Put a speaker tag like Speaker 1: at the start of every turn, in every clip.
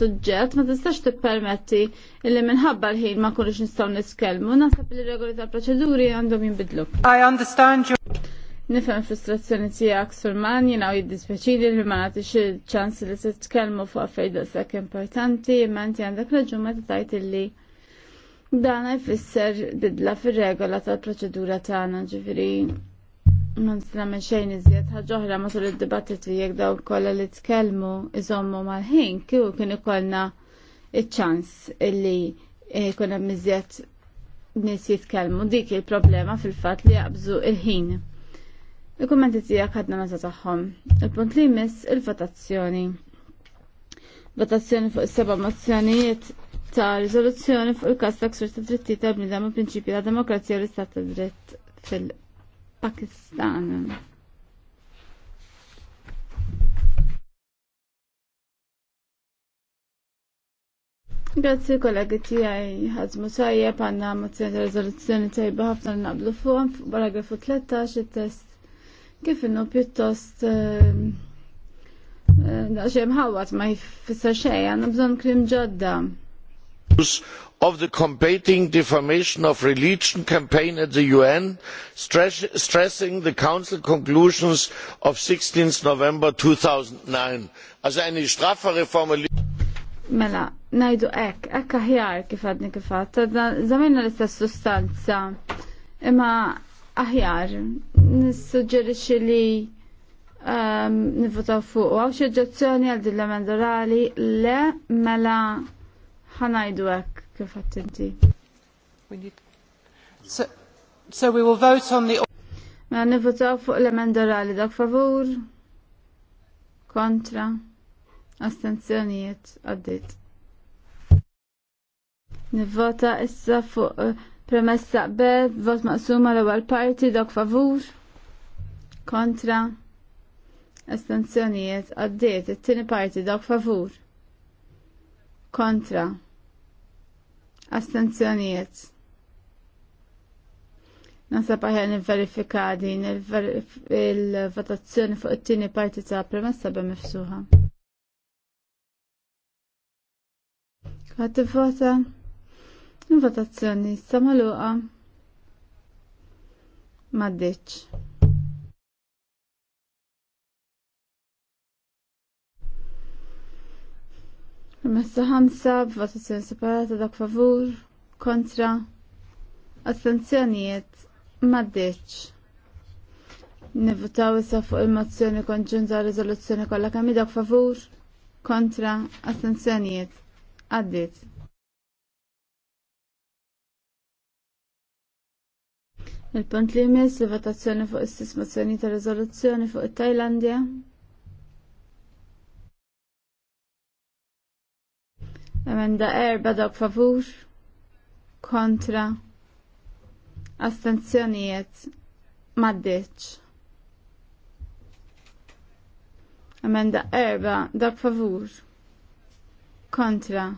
Speaker 1: suġġett ma tistax tippermetti illi minħabba l-ħin ma kunux nistgħu niskellmu, naħseb li regoli tal-proċeduri għandhom jinbidlu. I understand you. Nifhem frustrazzjoni tiegħek man jiena u jiddispjaċili li ma nagħtix ċans li se tkellmu fuq affarijiet sekk importanti, imma inti għandek raġun meta tajt illi dan jfisser bidla fir-regola tal-proċedura tagħna ġifieri ma nisna minn xejn iżjed ħagħuħra ma sul id-dibattitu jekk daw kollha li tkellmu iżommu mal-ħin kieku kien ikollna il ċans illi eh, kuna mizjet nis jitkellmu dik il-problema fil-fatt li jaqbżu il-ħin. il kommenti tija ħadna nota tagħhom. Il-punt li jmiss il-votazzjoni. Votazzjoni fuq is-seba' mozzjonijiet ta' riżoluzzjoni fuq il-kas ta' ksur ta' drittijiet tal u prinċipji ta' demokrazija u l-istat ta' dritt fil- Pakistan. Grazzi kollegi tiegħi ħazmu tajjeb għandna mozzjoni ta' rezoluzzjoni tajba ħafna naqblu fuqom paragrafu 13 il-test kif innu pjuttost daċem eh, eh, ħawat ma jfisser xejja għanna bżon krim ġodda of the combating defamation of religion campaign at the un stress, stressing the council conclusions of 16 november 2009 also eine straffere formulierung Mela, najdu ek, ek aħjar kif għadni kif għad, zamilna l-istess sustanza, imma aħjar, nissuġġerixi li um, fuq, għaw xieġġazzjoni għal din l le, mela ħanajdu hekk kif inti. So, we will vote on the Ma mela, nivvotaw fuq l-emenda orali dak favur kontra astenzjonijiet għaddit. Nivvota issa fuq eh, premessa B, vot maqsuma l-ewwel parti dak favur kontra astenzjonijiet għaddit. It-tieni parti dak favur kontra astenzjonijiet. Nasab aħjar nivverifika din il-votazzjoni fuq it-tieni parti ta' premessa be mifsuħa. Għati vota il-votazzjoni samaluqa maddiċ. Messa ħamsa b'votazzjoni separata dak favur kontra astenzjonijiet maddiċ. Nivvutaw issa fuq il-mozzjoni konġunta riżoluzzjoni kollha kemm dak favur kontra astenzjonijiet għaddiet. Il-punt li jmiss il-votazzjoni fuq is mozzjoni ta' riżoluzzjoni fuq it-Tajlandja. Emenda erba dok favur kontra astenzjonijiet maddiċ. Emenda erba dok favur kontra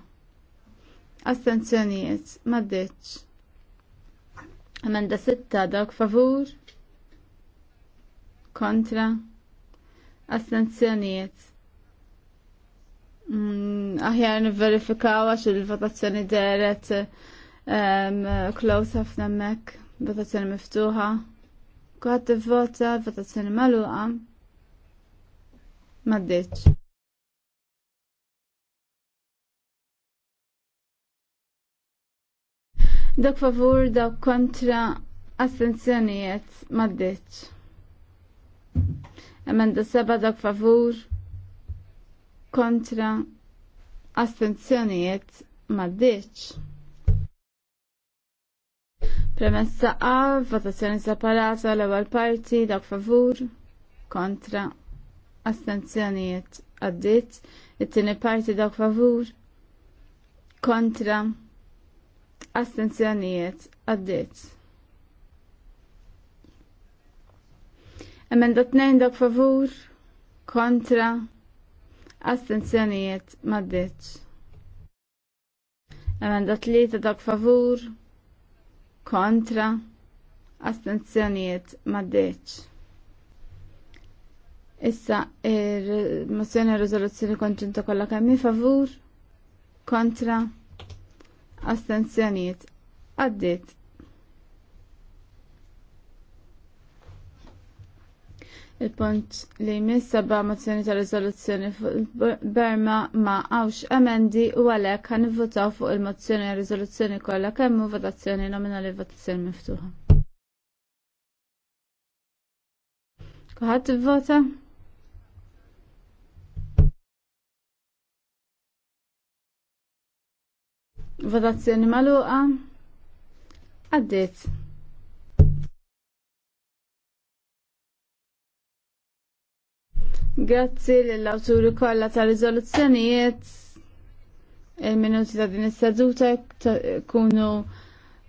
Speaker 1: astenzjonijiet maddiċ. Emenda sitta dok favur kontra astenzjonijiet Mm, aħjar nivverifikaw għax il-votazzjoni deret close ħafna mek, votazzjoni miftuħa. Kuħat vota votazzjoni maluqa. Maddiċ. Dak favur, dak kontra astenzjonijiet maddiċ. Emenda seba dak favur, kontra astenzjonijiet maddiċ. Premessa A, votazzjoni separata l-ewwel parti dak favur kontra astenzjonijiet għaddit, it-tieni parti dak favur kontra astenzjonijiet għaddit. Emenda tnejn dak favur kontra Astenzjonijiet maddeċ. Emenda tlieta dak favur. Kontra. attenzjonijiet maddeċ. Issa, il-mozzjoni er, il-rizoluzzjoni e konġunta kollha kemm favur, kontra, attenzjonijiet għaddit il-punt li jmiss seba mozzjoni ta' riżoluzzjoni fuq il-Berma ma għawx emendi u għalhekk għan votaw fuq il-mozzjoni ta' riżoluzzjoni kollha kemm hu votazzjoni nominali votazzjoni miftuħa. Kuħadd vota? Votazzjoni magħluqa? Għaddiet. Grazzi lill-awturi kollha ta' riżoluzzjonijiet il-minuti ta' din is-seduta kunu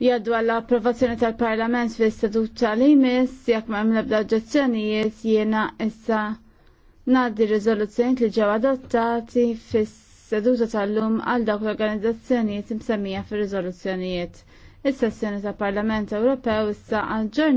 Speaker 1: jaddu għall approvazzjoni tal-Parlament fil seduta tal-IMIS jekk ma' mlebda oġġezzjonijiet jiena issa ngħaddi riżoluzzjonijiet li ġew adottati fis-seduta tal-lum għal dawk l-organizzazzjonijiet imsemmija fir-riżoluzzjonijiet. Is-sessjoni tal-Parlament Ewropew issa għal